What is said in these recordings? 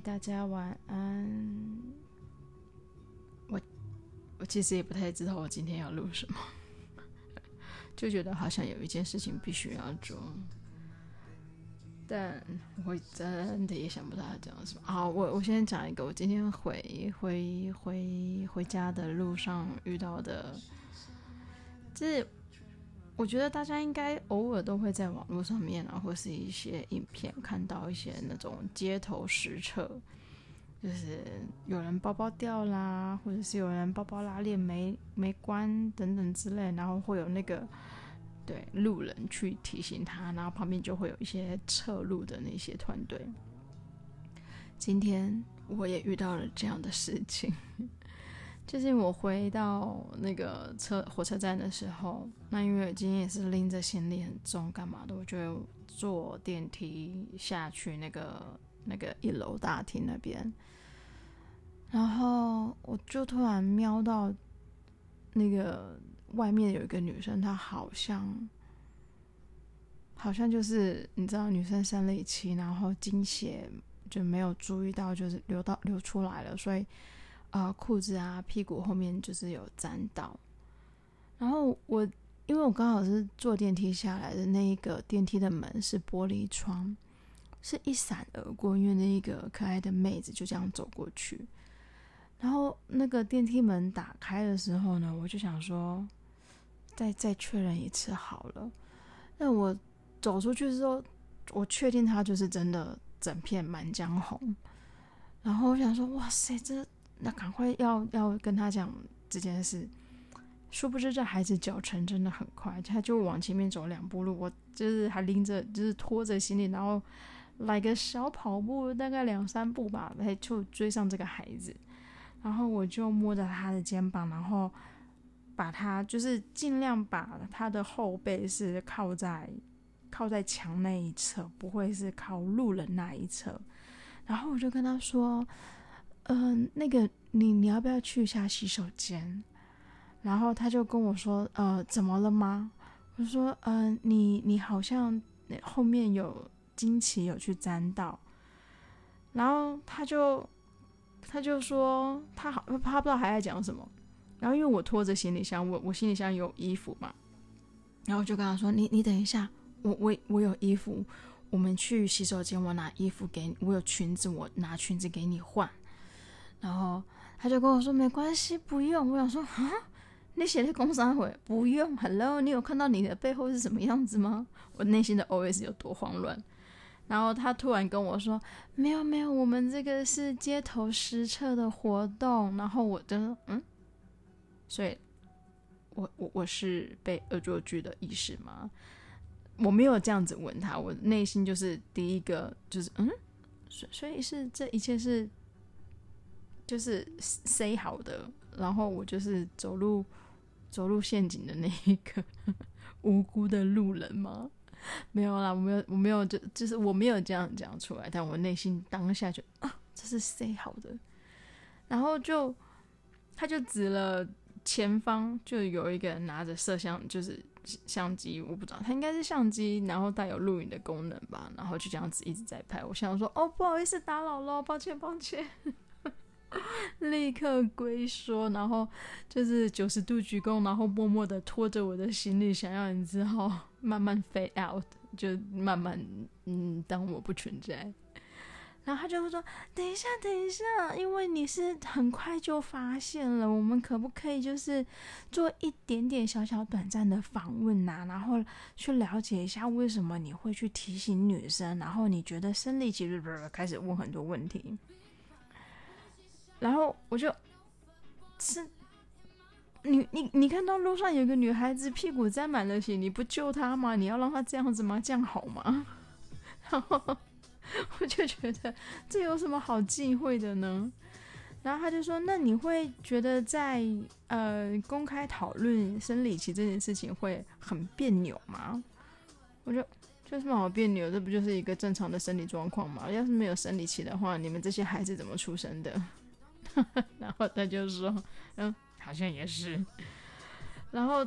大家晚安。我我其實也不太知道我今天要錄什麼， 就覺得好像有一件事情必須要做，但我真的也想不到要講什麼。好，我我先講一個我今天回回回回家的路上遇到的，這。我覺得大家應該偶爾都會在網絡上面啊，或是一些影片看到一些那種街頭實測，就是有人包包掉啦，或者是有人包包拉鏈沒沒關等等之類，然後會有那個對路人去提醒他，然後旁邊就會有一些側錄的那些團隊。今天我也遇到了這樣的事情。最近我回到那個車火車站的時候，那因為我今天也是拎着行李很重，幹嘛的，我就坐電梯下去那個那個一樓大廳那邊，然後我就突然瞄到那個外面有一個女生，她好像好像就是你知道女生生理期，然後經血就沒有注意到，就是流到流出來了，所以，啊、呃，褲子啊，屁股後面就是有沾到。然後我因為我剛好是坐電梯下來的那一個電梯的門是玻璃窗，是一閃而過，因為那一個可愛的妹子就這樣走過去。然後那個電梯門打開的時候呢，我就想說，再再確認一次好了。那我走出去之後，我確定它就是真的整片滿江紅。然後我想說，哇塞，這。那趕快要要跟他講這件事，殊不知這孩子腳程真的很快，他就往前面走兩步路，我就是還拎着就是拖着行李，然後來個小跑步，大概兩三步吧，他就追上這個孩子，然後我就摸着他的肩膀，然後把他就是盡量把他的後背是靠在靠在牆那一側，不會是靠路人那一側，然後我就跟他說。嗯、呃，那個你你要不要去一下洗手間？然後他就跟我說，呃，怎麼了嗎？我說，呃，你你好像後面有經期有去沾到，然後他就他就說他好他不知道還在講什麼，然後因為我拖着行李箱，我我行李箱有衣服嘛，然後就跟他說，你你等一下，我我我有衣服，我們去洗手間，我拿衣服給你，我有裙子，我拿裙子給你換。然後他就跟我說：“沒關係，不用。”我想說：“啊，你寫的工商會，不用。”Hello，你有看到你的背後是什麼樣子嗎？我內心的 OS 有多慌亂？然後他突然跟我說：“沒有，沒有，我們這個是街頭實測的活動。”然後我就嗯，所以我，我我我是被惡作劇的意識嗎？我沒有這樣子問他，我內心就是第一個就是嗯，所所以是這一切是。就是塞好的，然後我就是走路走路陷阱的那一個呵呵，無辜的路人嗎？沒有啦，我沒有，我沒有，就就是我沒有這樣講出來，但我內心當下就啊，這是塞好的，然後就他就指了前方，就有一個人拿着攝像，就是相機，我不知道他應該是相機，然後帶有錄影的功能吧，然後就這樣子一直在拍。我想說，哦，不好意思，打擾了，抱歉，抱歉。 立刻龜縮，然後就是九十度鞠躬，然後默默的拖着我的行李，想要你之後慢慢 fade out，就慢慢嗯當我不存在。然後他就會說：“等一下，等一下，因為你是很快就發現了，我們可不可以就是做一點點小小短暫的訪問吶、啊？然後去了解一下為什麼你會去提醒女生，然後你覺得生理期是不是開始問很多問題？”然後我就，是，你你你看到路上有個女孩子屁股沾滿了血，你不救她嗎？你要讓她這樣子嗎？這樣好嗎？然後我就覺得這有什麼好忌諱的呢？然後他就說：“那你會覺得在呃公開討論生理期這件事情會很彆扭嗎？”我就就什麼好別扭？這不就是一個正常的生理狀況嗎？要是沒有生理期的話，你們這些孩子怎麼出生的？ 然後他就說：“嗯，好像也是。”然後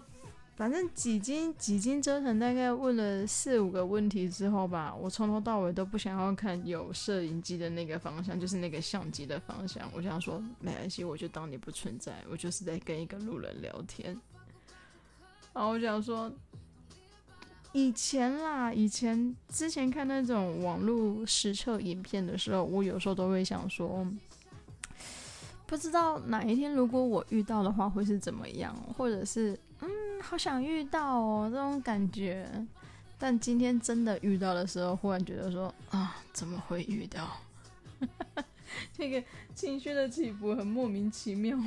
反正幾經幾經折騰，大概問了四五個問題之後吧，我從頭到尾都不想要看有攝影機的那個方向，就是那個相機的方向。我想說，沒關係，我就當你不存在，我就是在跟一個路人聊天。然後我想說，以前啦，以前之前看那種網絡實測影片的時候，我有時候都會想說，不知道哪一天如果我遇到的話會是怎麼樣，或者是嗯，好想遇到哦這種感覺。但今天真的遇到的時候，忽然覺得說啊，怎麼會遇到？ 這個情緒的起伏很莫名其妙。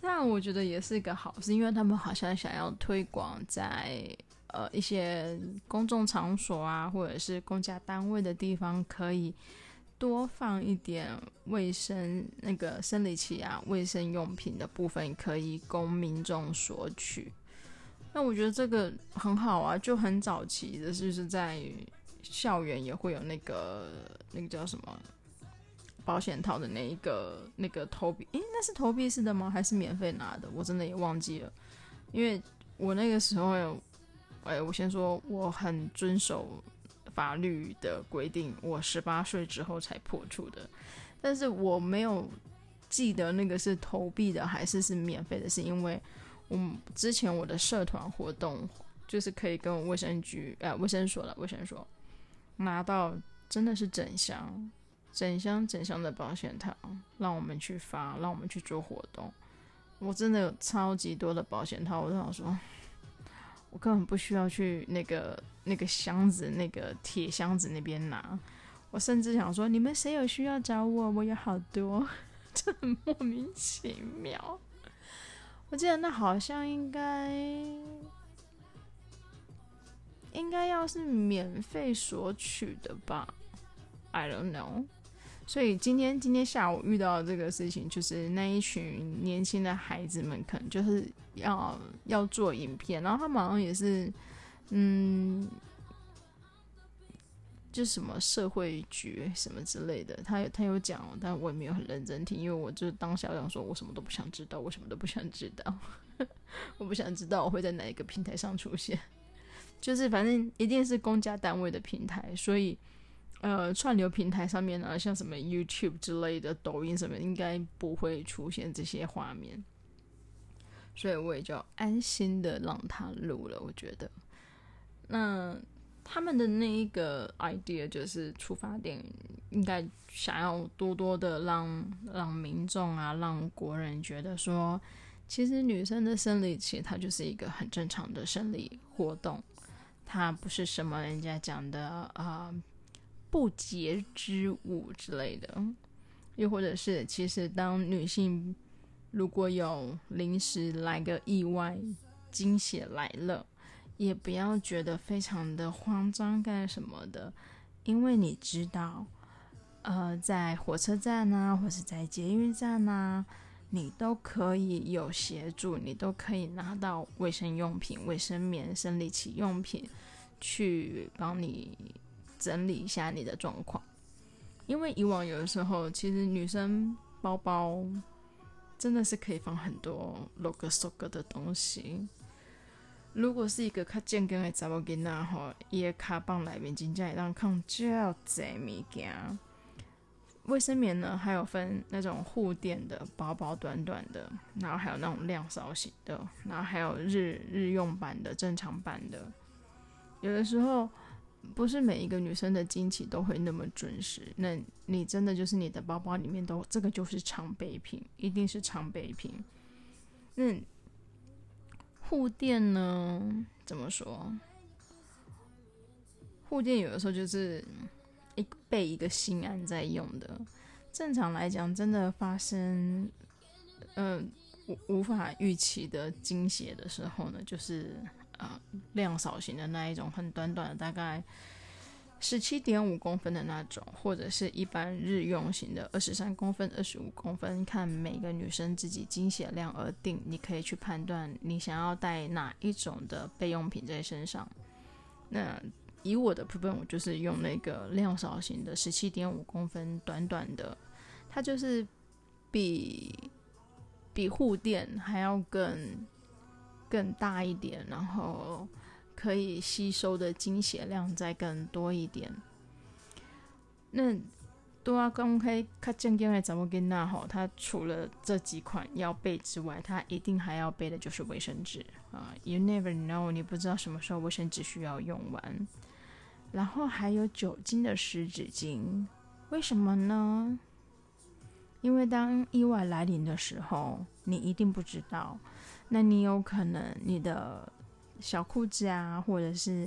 但我覺得也是一個好事，因為他們好像想要推廣在呃一些公眾場所啊，或者是公家單位的地方可以。多放一點衛生，那個生理期啊，衛生用品的部分可以供民眾索取。那我覺得這個很好啊，就很早期的就是在校園也會有那個那個叫什麼保險套的那一個那個投幣，哎，那是投幣式的嗎？還是免費拿的？我真的也忘記了，因為我那個時候，哎，我先說我很遵守。法律的規定，我十八歲之後才破處的，但是我沒有記得那個是投幣的還是是免費的，是因為我之前我的社團活動就是可以跟我衛生局呃衛生所了衛生所拿到真的是整箱整箱整箱的保險套，讓我們去發，讓我們去做活動，我真的有超級多的保險套，我都想說。我根本不需要去那個那個箱子，那個鐵箱子那邊拿。我甚至想說，你們誰有需要找我，我有好多， 真的很莫名其妙。我記得那好像應該應該要是免費索取的吧？I don't know。所以今天今天下午遇到這個事情，就是那一群年輕的孩子們，可能就是要要做影片，然後他好像也是，嗯，就什麼社會局什麼之類的，他有他有講，但我也沒有很認真聽，因為我就當下想說，我什麼都不想知道，我什麼都不想知道呵呵，我不想知道我會在哪一個平台上出現，就是反正一定是公家單位的平台，所以。呃，串流平台上面啊，像什麼 YouTube 之類的、抖音什麼，應該不會出現這些畫面，所以我也就安心的讓他錄了。我覺得，那他們的那一個 idea 就是出發點，應該想要多多的讓讓民眾啊，讓國人覺得說，其實女生的生理期，他就是一個很正常的生理活動，他不是什麼人家講的啊。呃不潔之物之類的，又或者是，其實當女性如果有臨時來個意外驚喜來了，也不要覺得非常的慌張幹什麼的，因為你知道，呃，在火車站啊，或是在捷運站啊，你都可以有協助，你都可以拿到衛生用品、衛生棉、生理期用品去幫你。整理一下你的狀況，因為以往有的時候，其實女生包包真的是可以放很多 look 六個、十個的東西。如果是一個較健康的查某囡仔吼，伊個卡棒裡面真正會當放就要儕物件。衛生棉呢，還有分那種護墊的、薄薄短短短的，然後還有那種量少型的，然後還有日日用版的、正常版的，有的時候。不是每一個女生的經期都會那麼準時，那你真的就是你的包包裡面都這個就是常備品，一定是常備品。那護墊呢？怎麼說？護墊有的時候就是一備一個心安在用的。正常來講，真的發生嗯、呃、無無法預期的經血的時候呢，就是。量少型的那一種，很短短的，大概十七點五公分的那種，或者是一般日用型的二十三公分、二十五公分，看每個女生自己經血量而定。你可以去判斷你想要帶哪一種的備用品在身上。那以我的部分，我就是用那個量少型的十七點五公分，短短的，它就是比比護墊還要更。更大一點，然後可以吸收的經血量再更多一點。那多啊，公開卡證件的怎麼給拿好？他除了這幾款要備之外，他一定還要備的就是衛生紙啊、uh、！You never know，你不知道什麼時候衛生紙需要用完。然後還有酒精的濕紙巾，為什麼呢？因為當意外來臨的時候，你一定不知道。那你有可能你的小褲子啊，或者是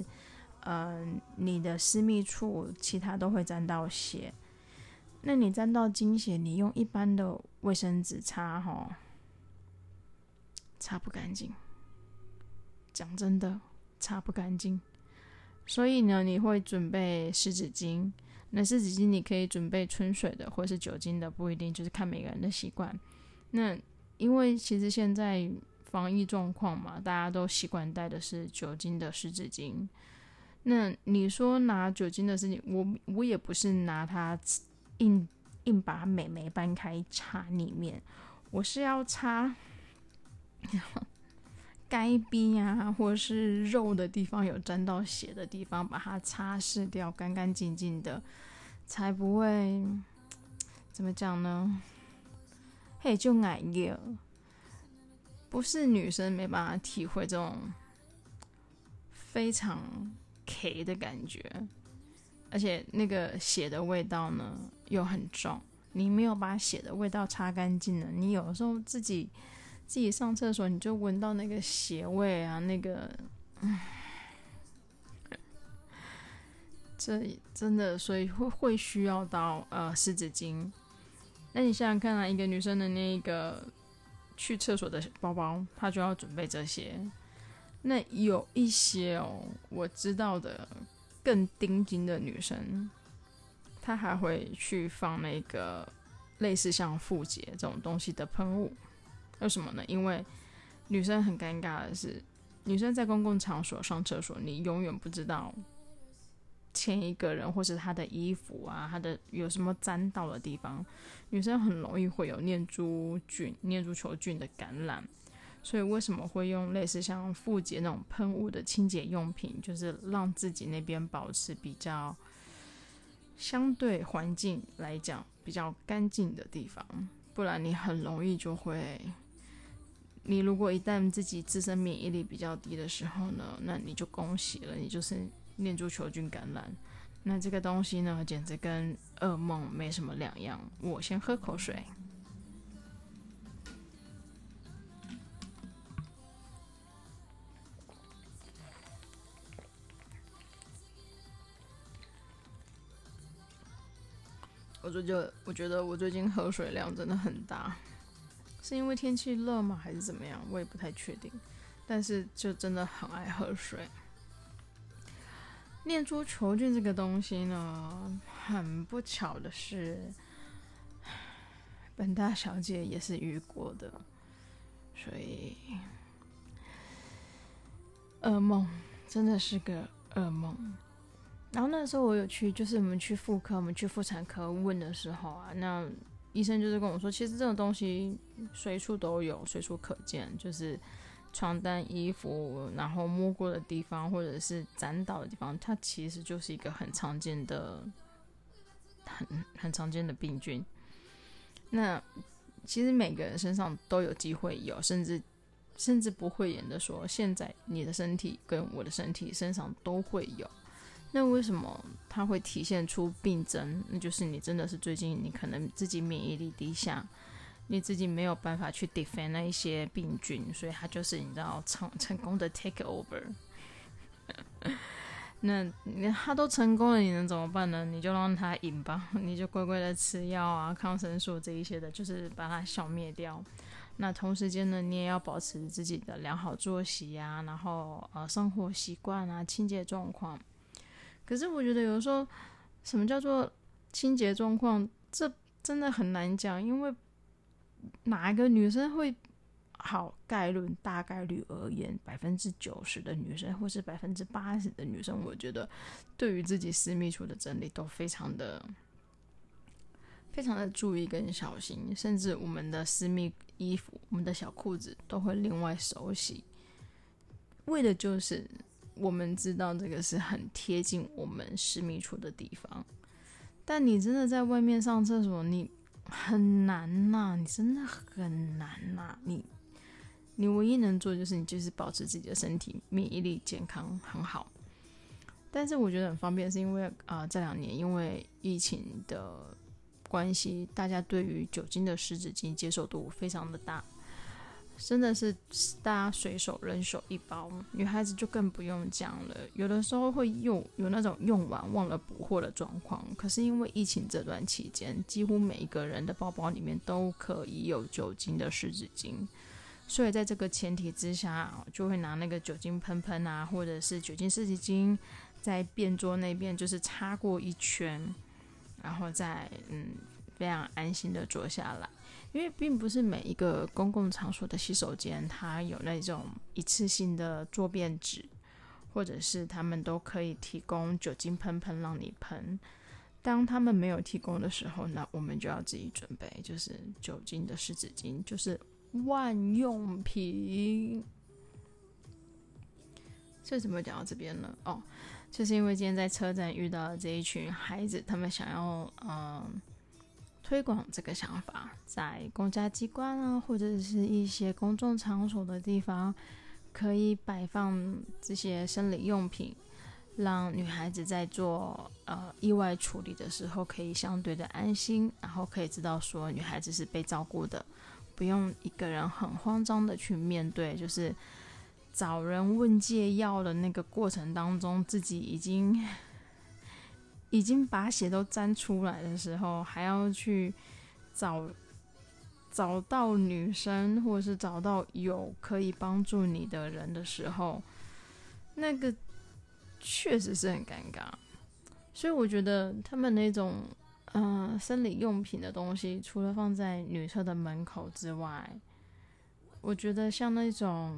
嗯、呃，你的私密處，其他都會沾到血。那你沾到經血，你用一般的衛生紙擦，哈、哦，擦不乾淨。講真的，擦不乾淨。所以呢，你會準備濕紙巾。那濕紙巾你可以準備純水的，或者是酒精的，不一定，就是看每個人的習慣。那因為其實現在。防疫狀況嘛，大家都習慣帶的是酒精的濕紙巾。那你說拿酒精的濕紙巾，我我也不是拿它硬硬把美眉掰開插裡面，我是要插該邊 啊，或是肉的地方有沾到血的地方，把它擦拭掉，乾乾淨淨的，才不會怎麼講呢？嘿，就愛尿。不是女生，沒辦法體會這種非常 K 的感覺，而且那個血的味道呢又很重。你沒有把血的味道擦乾淨了，你有時候自己自己上廁所，你就聞到那個血味啊，那個，這真的，所以會會需要到呃濕紙巾。那你想想看啊，一個女生的那個。去廁所的包包，她就要準備這些。那有一些哦，我知道的更頂真的女生，她還會去放那個類似像婦潔這種東西的噴霧。為什麼呢？因為女生很尷尬的是，女生在公共場所上廁所，你永遠不知道。牽一個人，或是他的衣服啊，他的有什麼沾到的地方，女生很容易會有念珠菌、念珠球菌的感染。所以為什麼會用類似像婦潔那種噴霧的清潔用品，就是讓自己那邊保持比較相對環境來講比較乾淨的地方。不然你很容易就會，你如果一旦自己自身免疫力比較低的時候呢，那你就恭喜了，你就是。念珠球菌感染，那這個東西呢，簡直跟噩夢沒什麼兩樣。我先喝口水。我最近我覺得我最近喝水量真的很大，是因為天氣熱嗎？還是怎麼樣？我也不太確定。但是就真的很愛喝水。念珠球菌這個東西呢，很不巧的是，本大小姐也是遇過的，所以噩夢真的是個噩夢。然後那時候我有去，就是我們去婦科，我們去婦產科問的時候啊，那醫生就是跟我說，其實這種東西隨處都有，隨處可見，就是。床單、衣服，然後摸過的地方，或者是沾到的地方，它其實就是一個很常見的、很很常見的病菌。那其實每個人身上都有機會有，甚至甚至不會言的說，現在你的身體跟我的身體身上都會有。那為什麼它會體現出病症？那就是你真的是最近你可能自己免疫力低下。你自己沒有辦法去 defend 那一些病菌，所以它就是你知道成成功的 take over。 那他都成功了，你能怎麼辦呢？你就讓他贏吧，你就乖乖的吃藥啊、抗生素這一些的，就是把它消滅掉。那同時間呢，你也要保持自己的良好作息啊，然後呃生活習慣啊、清潔狀況。可是我覺得有時候，什麼叫做清潔狀況，這真的很難講，因為。哪一個女生會好概論大概率，而言，百分之九十的女生，或是百分之八十的女生，我覺得對於自己私密處的整理都非常的、非常的注意跟小心，甚至我們的私密衣服、我們的小褲子都會另外手洗，為的就是我們知道這個是很貼近我們私密處的地方。但你真的在外面上廁所，你。很難吶、啊，你真的很難吶、啊，你，你唯一能做的就是你就是保持自己的身體免疫力健康很好，但是我覺得很方便，是因為啊這、呃、兩年因為疫情的關係，大家對於酒精的濕紙巾接受度非常的大。真的是大家隨手人手一包，女孩子就更不用講了。有的時候會用有那種用完忘了補貨的狀況，可是因為疫情這段期間，幾乎每一個人的包包裡面都可以有酒精的濕紙巾，所以在這個前提之下，就會拿那個酒精噴噴啊，或者是酒精濕紙巾在便座那邊就是擦過一圈，然後再嗯非常安心的坐下來。因為並不是每一個公共場所的洗手間，它有那種一次性的坐便紙，或者是他們都可以提供酒精噴噴讓你噴。當他們沒有提供的時候，那我們就要自己準備，就是酒精的濕紙巾，就是萬用品。這怎麼講到這邊呢？哦，就是因為今天在車站遇到這一群孩子，他們想要，嗯。推廣這個想法，在公家機關啊，或者是一些公眾場所的地方，可以擺放這些生理用品，讓女孩子在做呃意外處理的時候，可以相對的安心，然後可以知道說女孩子是被照顧的，不用一個人很慌張的去面對，就是找人問借藥的那個過程當中，自己已經。已經把血都沾出來的時候，還要去找找到女生，或者是找到有可以幫助你的人的時候，那個確實是很尷尬。所以我覺得他們那種嗯、呃、生理用品的東西，除了放在女廁的門口之外，我覺得像那種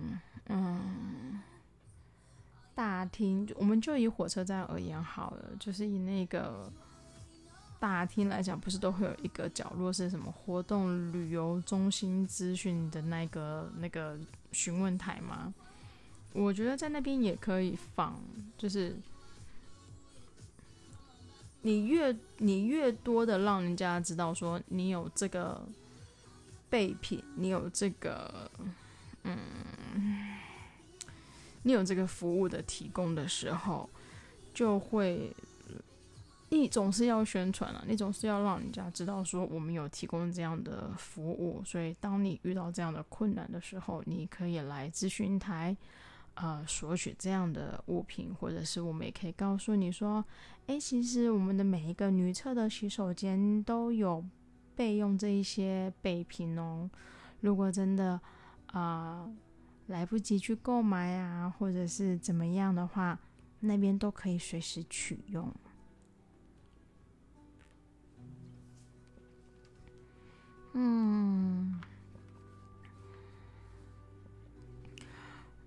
嗯。大廳，我們就以火車站而言好了，就是以那個大廳來講，不是都會有一個角落是什麼活動旅遊中心資訊的那個那個詢問台嗎？我覺得在那邊也可以放，就是你越你越多的讓人家知道說你有這個備品，你有這個嗯。你有這個服務的提供的時候，就會，你總是要宣傳了，啊，你總是要讓人家知道說我們有提供這樣的服務，所以當你遇到這樣的困難的時候，你可以來諮詢台，呃，索取這樣的物品，或者是我們也可以告訴你說，哎，其實我們的每一個女廁的洗手間都有備用這一些備品哦，如果真的啊。呃來不及去購買啊，或者是怎麼樣的話，那邊都可以隨時取用。嗯，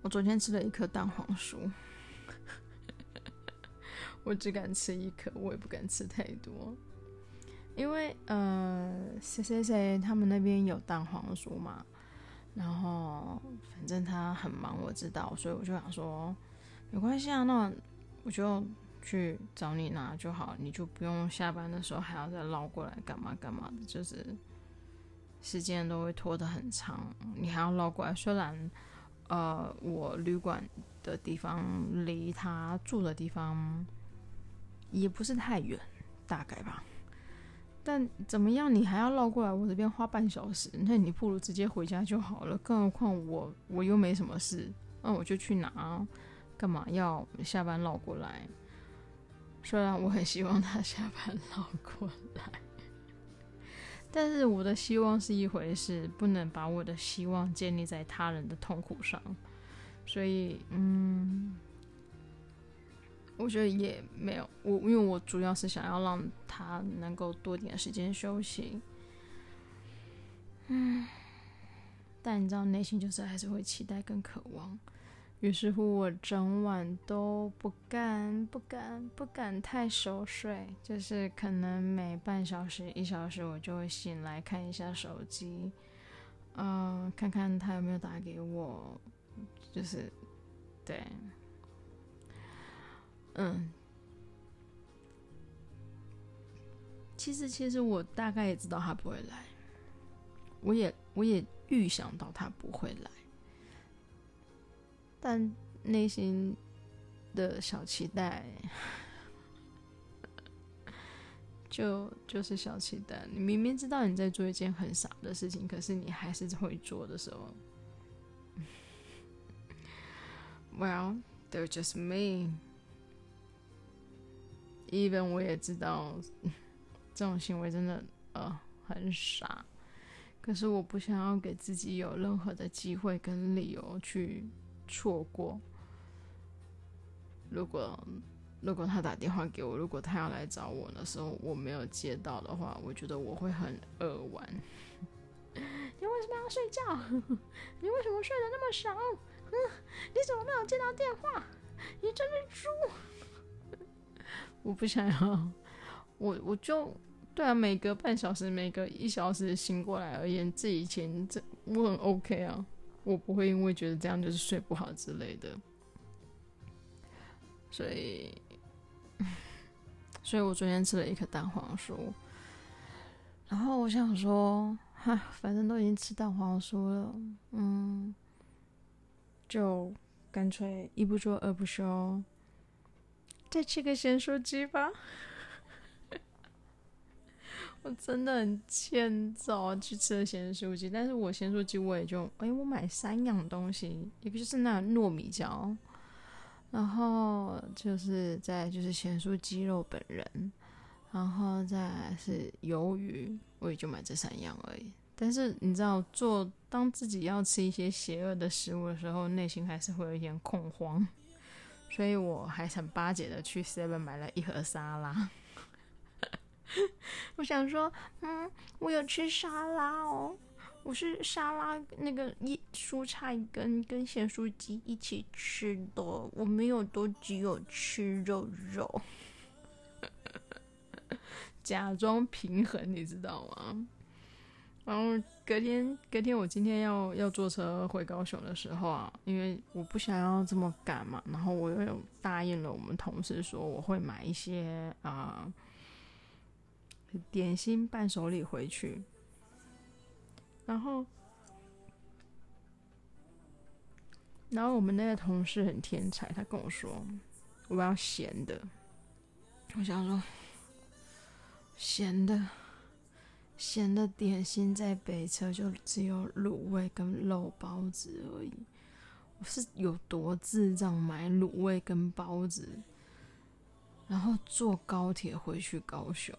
我昨天吃了一顆蛋黃酥， 我只敢吃一顆，我也不敢吃太多，因為呃，誰誰誰他們那邊有蛋黃酥嗎？然後，反正他很忙，我知道，所以我就想說，沒關係啊，那我就去找你拿就好，你就不用下班的時候還要再繞過來幹嘛幹嘛的，就是時間都會拖得很長，你還要繞過來。雖然，呃，我旅館的地方離他住的地方也不是太遠，大概吧。但怎麼樣，你還要繞過來我這邊花半小時？那你不如直接回家就好了。更何況我我又沒什麼事，那、嗯、我就去拿，幹嘛要下班繞過來？雖然我很希望他下班繞過來，但是我的希望是一回事，不能把我的希望建立在他人的痛苦上。所以，嗯。我覺得也沒有我，因為我主要是想要讓他能夠多點時間休息。嗯，但你知道，內心就是還是會期待跟渴望。於是乎，我整晚都不敢、不敢、不敢太熟睡，就是可能每半小時、一小時，我就會醒來看一下手機，嗯、呃，看看他有沒有打給我，就是對。嗯，其實其實我大概也知道他不會來，我也我也預想到他不會來，但內心的小期待就，就就是小期待。你明明知道你在做一件很傻的事情，可是你還是會做的時候，Well, they're just me. Even 我也知道，這種行為真的呃很傻，可是我不想要給自己有任何的機會跟理由去錯過。如果如果他打電話給我，如果他要來找我的時候，我沒有接到的話，我覺得我會很扼腕。你為什麼要睡覺？ 你為什麼睡得那麼少？ 你怎麼沒有接到電話？ 你這隻豬！我不想要，我我就對啊，每隔半小時，每隔一小時醒過來，而言這以前這我很 OK 啊，我不會因為覺得這樣就是睡不好之類的，所以，所以我昨天吃了一顆蛋黃酥，然後我想說，哈，反正都已經吃蛋黃酥了，嗯，就乾脆一不做二不休。再吃個鹹酥雞吧， 我真的很欠揍去吃了鹹酥雞，但是我鹹酥雞我也就哎、欸，我買三樣東西，一個就是那糯米椒，然後就是再就是鹹酥雞肉本人，然後再來是魷魚，我也就買這三樣而已。但是你知道，做當自己要吃一些邪惡的食物的時候，內心還是會有一點恐慌。所以我還想巴結的去 seven 買了一盒沙拉， 我想說，嗯，我有吃沙拉哦，我是沙拉那個一蔬菜跟跟鹹酥雞一起吃的，我沒有都只有吃肉肉， 假裝平衡，你知道嗎？然後隔天，隔天我今天要要坐車回高雄的時候啊，因為我不想要這麼趕嘛，然後我又答應了我們同事說我會買一些啊、呃、點心伴手禮回去。然後，然後我們那個同事很天才，他跟我說我要鹹的，我想說鹹的。鹹的點心在北車就只有滷味跟肉包子而已。我是有多智障，買滷味跟包子，然後坐高鐵回去高雄。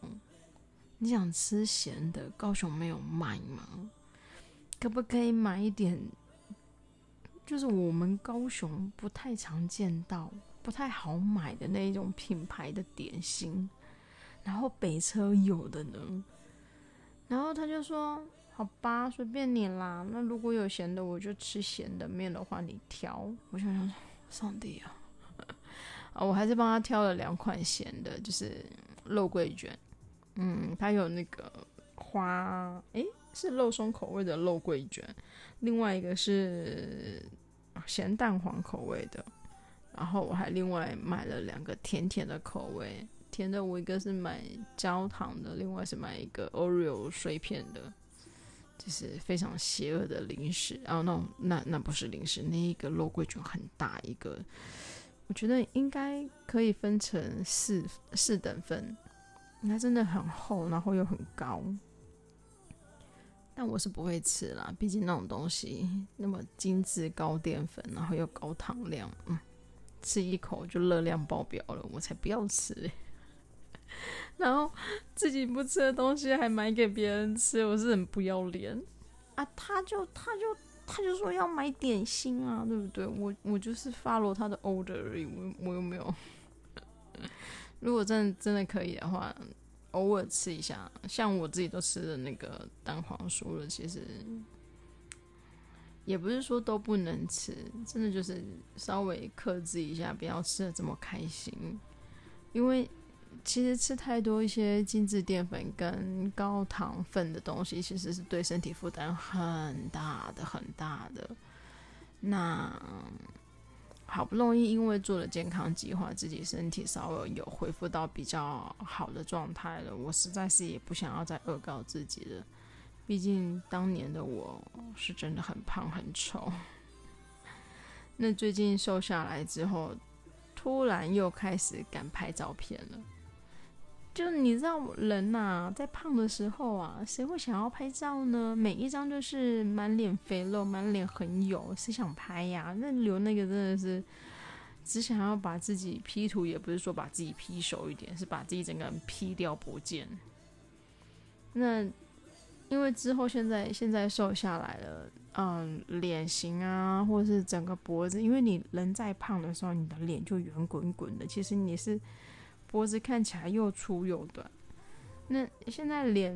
你想吃鹹的，高雄沒有賣嗎？可不可以買一點？就是我們高雄不太常見到、不太好買的那一種品牌的點心，然後北車有的呢？然後他就說：“好吧，隨便你啦。那如果有鹹的，我就吃鹹的麵的話，你挑。”我想想說，上帝啊！啊， 我還是幫他挑了兩款鹹的，就是肉桂卷。嗯，他有那個花，誒，是肉鬆口味的肉桂卷，另外一個是鹹蛋黃口味的。然後我還另外買了兩個甜甜的口味。甜的，我一個是買焦糖的，另外是買一個 Oreo 碎片的，就是非常邪惡的零食。然後、啊、那種那那不是零食，那一個肉桂卷，很大一個，我覺得應該可以分成四四等分、嗯。它真的很厚，然後又很高，但我是不會吃啦，畢竟那種東西那麼精緻、高澱粉，然後又高糖量，嗯，吃一口就熱量爆表了，我才不要吃、欸。 然後自己不吃的東西還買給別人吃，我是很不要臉啊！他就他就他就說要買點心啊，對不對？我我就是 follow 他的 order 而已，我我又沒有。 如果真的真的可以的話，偶爾吃一下，像我自己都吃的那個蛋黃酥了，其實也不是說都不能吃，真的就是稍微克制一下，不要吃的這麼開心，因為。其實吃太多一些精緻澱粉跟高糖分的東西，其實是對身體負擔很大的，很大的。那好不容易因為做了健康計劃，自己身體稍微有恢復到比較好的狀態了，我實在是也不想要再惡搞自己了。畢竟當年的我是真的很胖很醜。那最近瘦下來之後，突然又開始敢拍照片了。就你知道人吶、啊，在胖的時候啊，誰會想要拍照呢？每一張就是滿臉肥肉，滿臉很油，誰想拍呀、啊？那留那個真的是，只想要把自己 P 圖，也不是說把自己 P 瘦一點，是把自己整個人 P 掉不見。那因為之後現在現在瘦下來了，嗯，臉型啊，或者是整個脖子，因為你人在胖的時候，你的臉就圓滾滾的，其實你是。脖子看起來又粗又短，那現在臉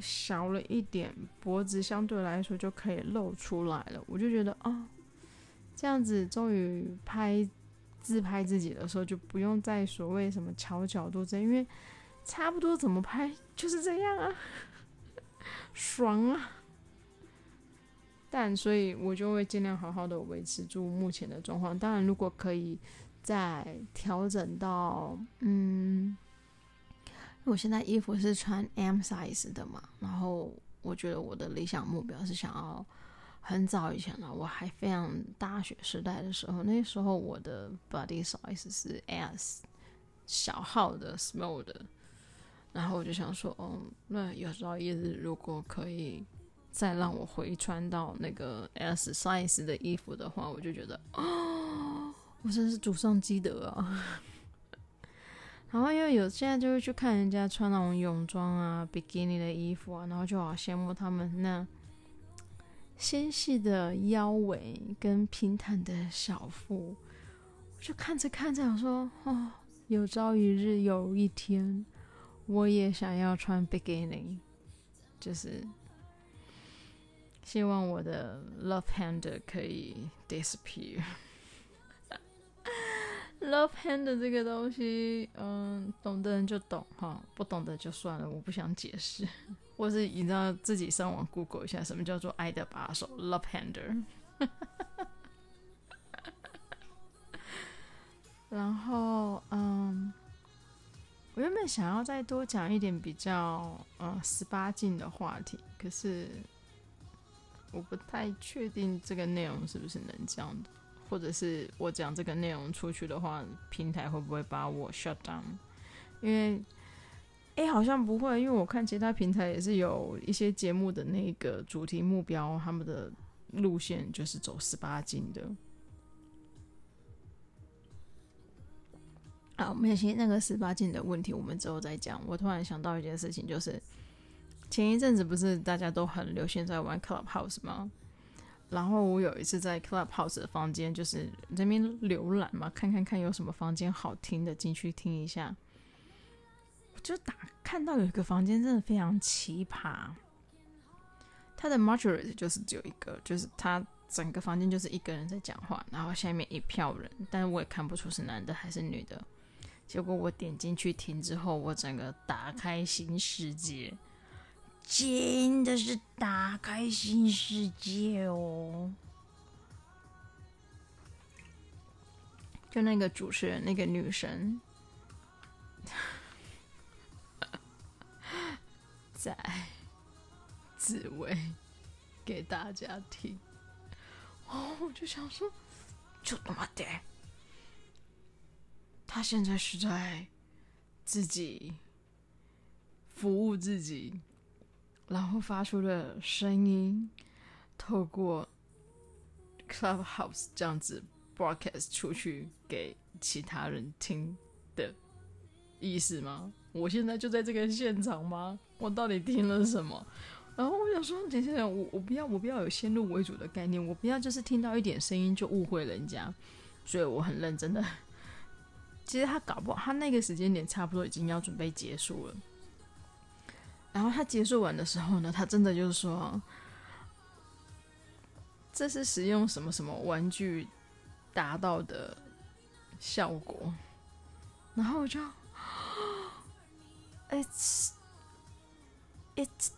小了一點，脖子相對來說就可以露出來了。我就覺得啊、哦，這樣子終於拍自拍自己的時候就不用再所謂什麼調角度這樣，因為差不多怎麼拍就是這樣啊，爽啊！但所以我就會盡量好好的維持住目前的狀況。當然，如果可以。在調整到，嗯，我現在衣服是穿 M size 的嘛，然後我覺得我的理想目標是想要，很早以前了，啊，我還非常大學時代的時候，那時候我的 body size 是 S 小號的 small 的，然後我就想說，哦，那有朝一日如果可以再讓我回穿到那個 S size 的衣服的話，我就覺得，哦。我真是祖上積德啊！ 然後又有現在就會去看人家穿那種泳裝啊、bikini 的衣服啊，然後就好羨慕他們那纖細的腰圍跟平坦的小腹。我就看着看着，我說：“哦，有朝一日有一天，我也想要穿 bikini。”就是希望我的 love handle 可以 disappear。Love hand 這個東西，嗯，懂的人就懂哈，不懂的就算了，我不想解釋。或是你知道自己上網 Google 一下，什麼叫做愛的把手？Love hander。 然後，嗯，我原本想要再多講一點比較，嗯，十八禁的話題，可是我不太確定這個內容是不是能講的。或者是我講這個內容出去的話，平台會不會把我 shut down？因為，哎、欸，好像不會，因為我看其他平台也是有一些節目的那個主題目標，他們的路線就是走十八禁的。啊，其實那個十八禁的問題，我們之後再講。我突然想到一件事情，就是前一陣子不是大家都很流行在玩 Clubhouse 嗎？然後我有一次在 Clubhouse 的房間，就是這邊瀏覽嘛，看看看有什麼房間好聽的，進去聽一下。我就打看到有一個房間真的非常奇葩，他的 Moderator 就是只有一個，就是他整個房間就是一個人在講話，然後下面一票人，但是我也看不出是男的還是女的。結果我點進去聽之後，我整個打開新世界。真的是打開新世界哦、喔！就那個主持人，那個女生，在自慰給大家聽哦。Oh, 我就想說，就那麼點，他現在是在自己服務自己。然後發出的聲音，透過 clubhouse 這樣子 broadcast 出去給其他人聽的意思嗎？我現在就在這個現場嗎？我到底聽了什麼？然後我想說，簡先生，我我不要，我不要有先入為主的概念，我不要就是聽到一點聲音就誤會人家，所以我很認真的。其實他搞不好，他那個時間點差不多已經要準備結束了。然後他結束完的時候呢，他真的就是說，這是使用什麼什麼玩具達到的效果。然後我就，it's it's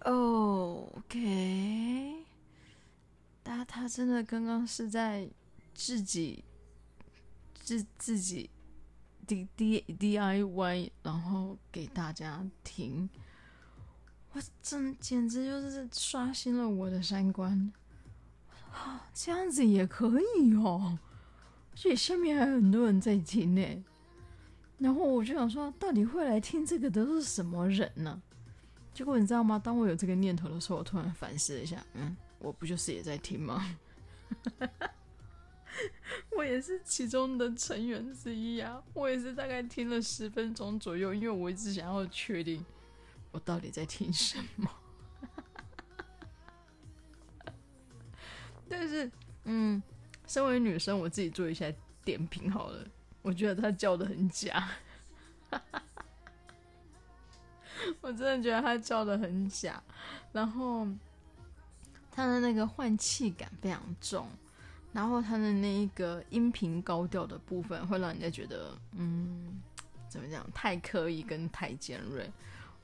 okay，但他真的剛剛是在自己自自己。D D DIY，然後給大家聽，我真簡直就是刷新了我的三觀，啊，這樣子也可以哦，而且下面還有很多人在聽呢，然後我就想說，到底會來聽這個的是什麼人呢？結果你知道嗎？當我有這個念頭的時候，我突然反思了一下，嗯，我不就是也在聽嗎？哈哈哈哈。我也是其中的成員之一啊！我也是大概聽了十分鐘左右，因為我一直想要確定我到底在聽什麼。 但是，嗯，身為女生，我自己做一下點評好了。我覺得他叫得很假， 我真的覺得他叫得很假。然後，他的那個換氣感非常重。然後他的那一個音頻高調的部分，會讓人家覺得，嗯，怎麼講，太刻意跟太尖銳。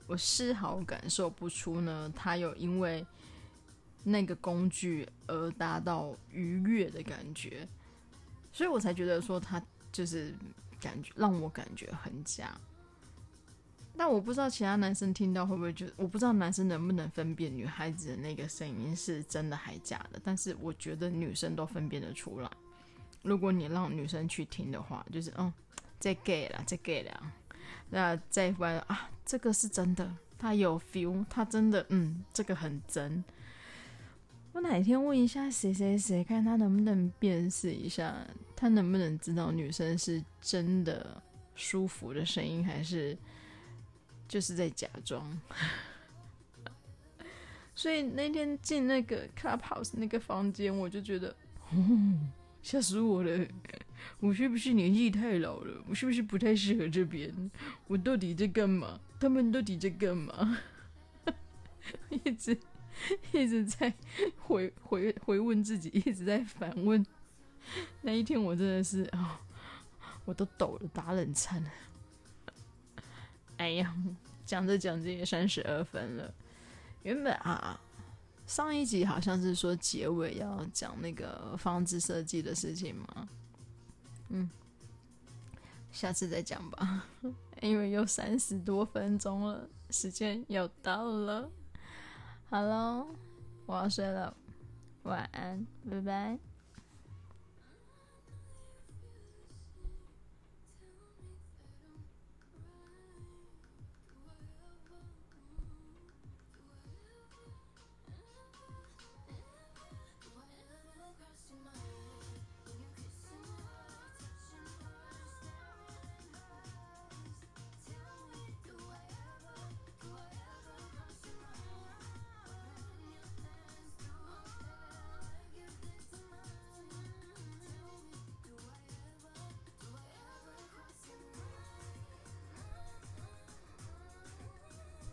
我絲毫感受不出呢，他有因為那個工具而達到愉悅的感覺，所以我才覺得說他就是感覺讓我感覺很假。但我不知道其他男生聽到會不會就，我不知道男生能不能分辨女孩子的那個聲音是真的還假的，但是我覺得女生都分辨得出來。如果你讓女生去聽的話，就是嗯、哦，這 gay 了，這 gay 了，那再不然啊，這個是真的，他有 feel，他真的嗯，這個很真。我哪天問一下誰誰誰，看他能不能辨識一下，他能不能知道女生是真的舒服的聲音還是。就是在假裝， 所以那天進那個 Club House 那個房間，我就覺得，哦、嚇死我了！我是不是年紀太老了？我是不是不太適合這邊？我到底在幹嘛？他們到底在幹嘛？ 一直一直在回回回問自己，一直在反問。那一天我真的是、哦、我都抖了，打冷顫。哎呀，講着講着也三十二分了。原本啊，啊，上一集好像是說結尾要講那個房子設計的事情嘛。嗯，下次再講吧， 因為又三十多分鐘了，時間又到了。好嘍，我要睡了，晚安，拜拜。